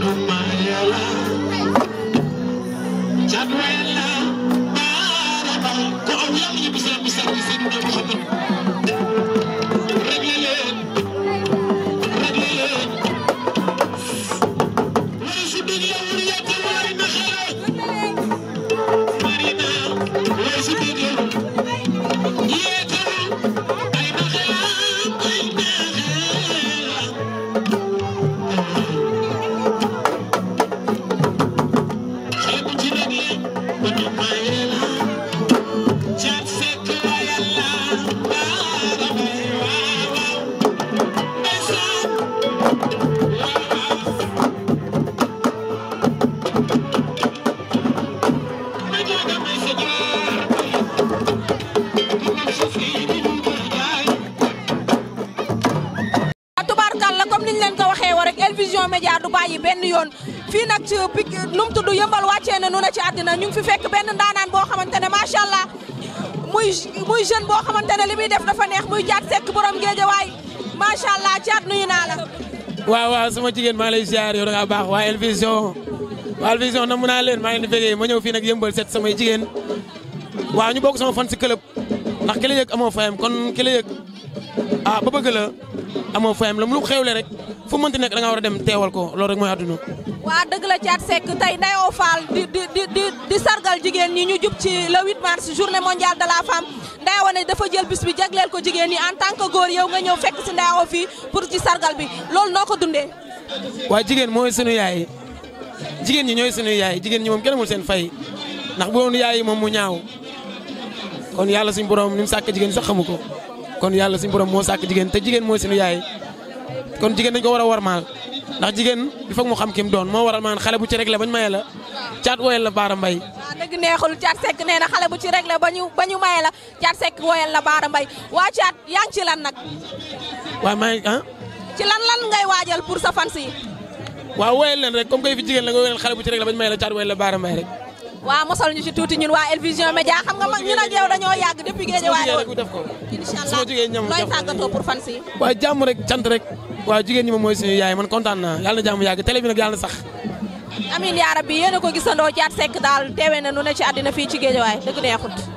Thank you. rek El Vision Média du bàyyi benn yoon fii nag ci pik num tudd yëmbal wàccee a nu na ci àddina ñu ngi fi fekk benn ndaanaan boo xamante ne macha allah muy muy jeune boo xamante ne def dafa muy jaat sekk borom géejawaay macha allah jaat nuyu naa la. waaw waaw sama jigéen maa lay ziar yow da baax waa El Vision waa El na mun naa leen maa ngi leen di ma ñëw fii nag yëmbal set samay jigéen waaw ñu bokk sama fan si club ndax ki yëg amoo fayam ah ba bëgg la amoo fayam la lu xewle rek fu mënti nek da nga wara dem teewal ko lool rek moy aduna wa dëgg la Thiat Seck tay nday o Fall di di di di sargal jigen ñi ñu jup ci le 8 mars journée mondiale de la femme nday wone dafa jël bis bi jagleel ko jigen ñi en tant que goor yow nga ñëw fekk ci nday o fi pour ci sargal bi lool noko dundé wa jigen moy suñu yaay jigen ñi ñoy suñu yaay jigen ñi mom kenn mul seen fay nak bu won yaay mom mu ñaaw kon yalla suñu borom sakk jigen sax xamuko kon yàlla suñu borom moo sàkk jigéen te jigéen mooy suñu yaay kon jigéen dañ ko war a warmaal ndax jigéen il foog mu xam ki doon moo waral maanaam xale bu ci réglé bañ maye la caat woyal la baara mbay. waaw ah, dëgg neexul caat sekk nee xale bu ci la ba ñu ba ñu maye la caat sekk woyal la baara mbay waa caat yaa ngi ci lan nag. waaw maa ngi ah. ci lan lan ngay waajal pour sa fans yi. waaw woyal leen rek comme que fi jigéen la nga woyal xale bu ci réglé bañ maye caat woyal la baara rek. waaw mosal ñu ci tuuti ñun waa El Vision Média xam nga ñun ak yow dañoo yàgg depuis géej waaye incha allah nooy tàggatoo pour si rek cant jigéen ñi moom mooy suñu yaay man kontaan naa yàlla na jàmm yàgg télé bi nag yàlla na sax amiin yaa rabbi yéen a ko gisandoo Thiat Seck daal teewe na nu ne ci àddina fii ci géej waaye dëgg neexut